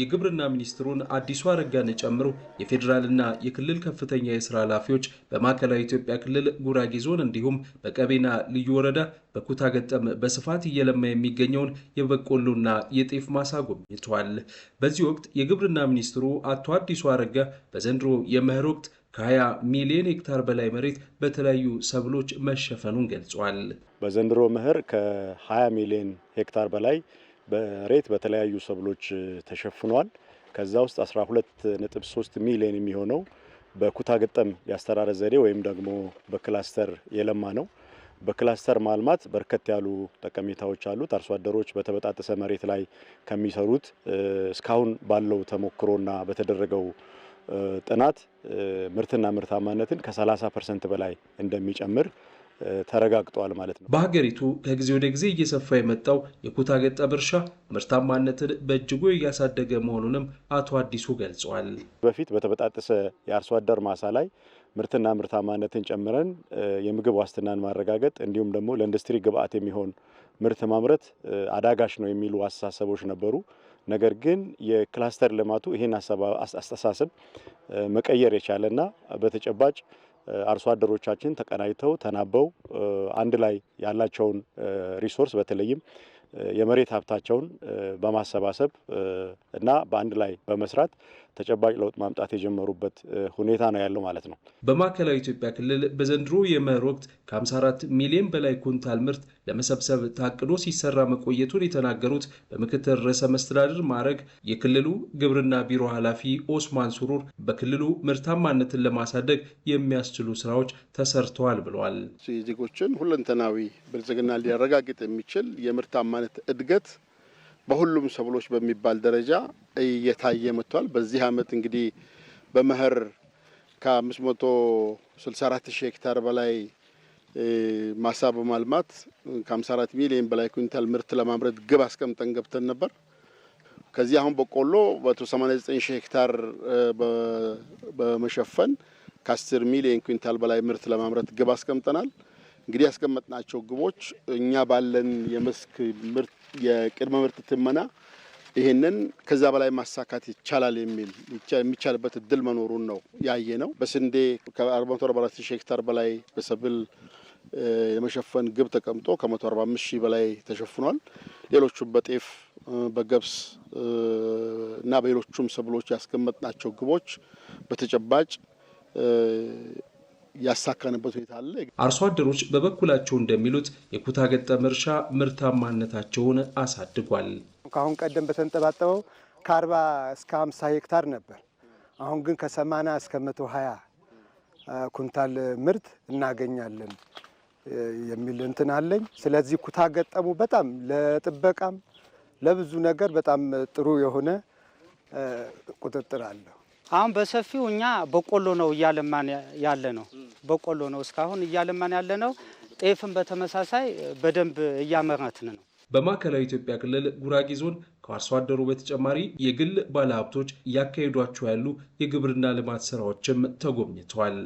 የግብርና ሚኒስትሩን አዲሱ አረጋን ጨምሮ የፌዴራልና የክልል ከፍተኛ የስራ ኃላፊዎች በማዕከላዊ ኢትዮጵያ ክልል ጉራጌ ዞን እንዲሁም በቀቤና ልዩ ወረዳ በኩታ ገጠም በስፋት እየለማ የሚገኘውን የበቆሎና የጤፍ ማሳ ጎብኝቷል። በዚህ ወቅት የግብርና ሚኒስትሩ አቶ አዲሱ አረጋ በዘንድሮ የመኸር ወቅት ከ20 ሚሊዮን ሄክታር በላይ መሬት በተለያዩ ሰብሎች መሸፈኑን ገልጿል። በዘንድሮ መኸር ከ20 ሚሊዮን ሄክታር በላይ በሬት በተለያዩ ሰብሎች ተሸፍኗል። ከዛ ውስጥ 3 ሚሊዮን የሚሆነው በኩታ ገጠም የአስተራረስ ዘዴ ወይም ደግሞ በክላስተር የለማ ነው። በክላስተር ማልማት በርከት ያሉ ጠቀሜታዎች አሉት። አርሶ አደሮች በተበጣጠሰ መሬት ላይ ከሚሰሩት እስካሁን ባለው ተሞክሮና በተደረገው ጥናት ምርትና ምርታማነትን ከ30 ፐርሰንት በላይ እንደሚጨምር ተረጋግጧል ማለት ነው። በሀገሪቱ ከጊዜ ወደ ጊዜ እየሰፋ የመጣው የኩታ ገጠም እርሻ ምርታማነትን በእጅጉ እያሳደገ መሆኑንም አቶ አዲሱ ገልጿል። በፊት በተበጣጠሰ የአርሶ አደር ማሳ ላይ ምርትና ምርታማነትን ጨምረን የምግብ ዋስትናን ማረጋገጥ እንዲሁም ደግሞ ለኢንዱስትሪ ግብዓት የሚሆን ምርት ማምረት አዳጋሽ ነው የሚሉ አስተሳሰቦች ነበሩ። ነገር ግን የክላስተር ልማቱ ይህን አስተሳሰብ መቀየር የቻለና በተጨባጭ አርሶ አደሮቻችን ተቀናጅተው ተናበው አንድ ላይ ያላቸውን ሪሶርስ በተለይም የመሬት ሀብታቸውን በማሰባሰብ እና በአንድ ላይ በመስራት ተጨባጭ ለውጥ ማምጣት የጀመሩበት ሁኔታ ነው ያለው ማለት ነው። በማዕከላዊ ኢትዮጵያ ክልል በዘንድሮ የመኸር ወቅት ከ54 ሚሊዮን በላይ ኩንታል ምርት ለመሰብሰብ ታቅዶ ሲሰራ መቆየቱን የተናገሩት በምክትል ርዕሰ መስተዳድር ማዕረግ የክልሉ ግብርና ቢሮ ኃላፊ ኦስማን ሱሩር በክልሉ ምርታማነትን ለማሳደግ የሚያስችሉ ስራዎች ተሰርተዋል ብለዋል። ዜጎችን ሁለንተናዊ ብልጽግና ሊያረጋግጥ የሚችል የምርታማ ማለት እድገት በሁሉም ሰብሎች በሚባል ደረጃ እየታየ መጥቷል። በዚህ አመት እንግዲህ በመኸር ከ564 ሺህ ሄክታር በላይ ማሳ በማልማት ከ54 ሚሊዮን በላይ ኩንታል ምርት ለማምረት ግብ አስቀምጠን ገብተን ነበር። ከዚህ አሁን በቆሎ በ89 ሺህ ሄክታር በመሸፈን ከ10 ሚሊዮን ኩንታል በላይ ምርት ለማምረት ግብ አስቀምጠናል። እንግዲህ ያስቀመጥናቸው ግቦች እኛ ባለን የመስክ ምርት የቅድመ ምርት ትመና ይህንን ከዛ በላይ ማሳካት ይቻላል የሚል የሚቻልበት እድል መኖሩን ነው ያየ ነው። በስንዴ ከ444 ሄክታር በላይ በሰብል የመሸፈን ግብ ተቀምጦ ከ145 ሺህ በላይ ተሸፍኗል። ሌሎቹም በጤፍ በገብስ እና በሌሎቹም ሰብሎች ያስቀመጥናቸው ግቦች በተጨባጭ ያሳካንበት ሁኔታ አለ። አርሶ አደሮች በበኩላቸው እንደሚሉት የኩታ ገጠም እርሻ ምርታማነታቸውን አሳድጓል። ከአሁን ቀደም በተንጠባጠበው ከ40 እስከ 50 ሄክታር ነበር። አሁን ግን ከ80 እስከ 120 ኩንታል ምርት እናገኛለን የሚል እንትን አለኝ። ስለዚህ ኩታ ገጠሙ በጣም ለጥበቃም ለብዙ ነገር በጣም ጥሩ የሆነ ቁጥጥር አለው። አሁን በሰፊው እኛ በቆሎ ነው እያለማን ያለ ነው። በቆሎ ነው እስካሁን እያለማን ያለ ነው። ጤፍን በተመሳሳይ በደንብ እያመረትን ነው። በማዕከላዊ ኢትዮጵያ ክልል ጉራጌ ዞን ከአርሶ አደሩ በተጨማሪ የግል ባለሀብቶች እያካሄዷቸው ያሉ የግብርና ልማት ስራዎችም ተጎብኝተዋል።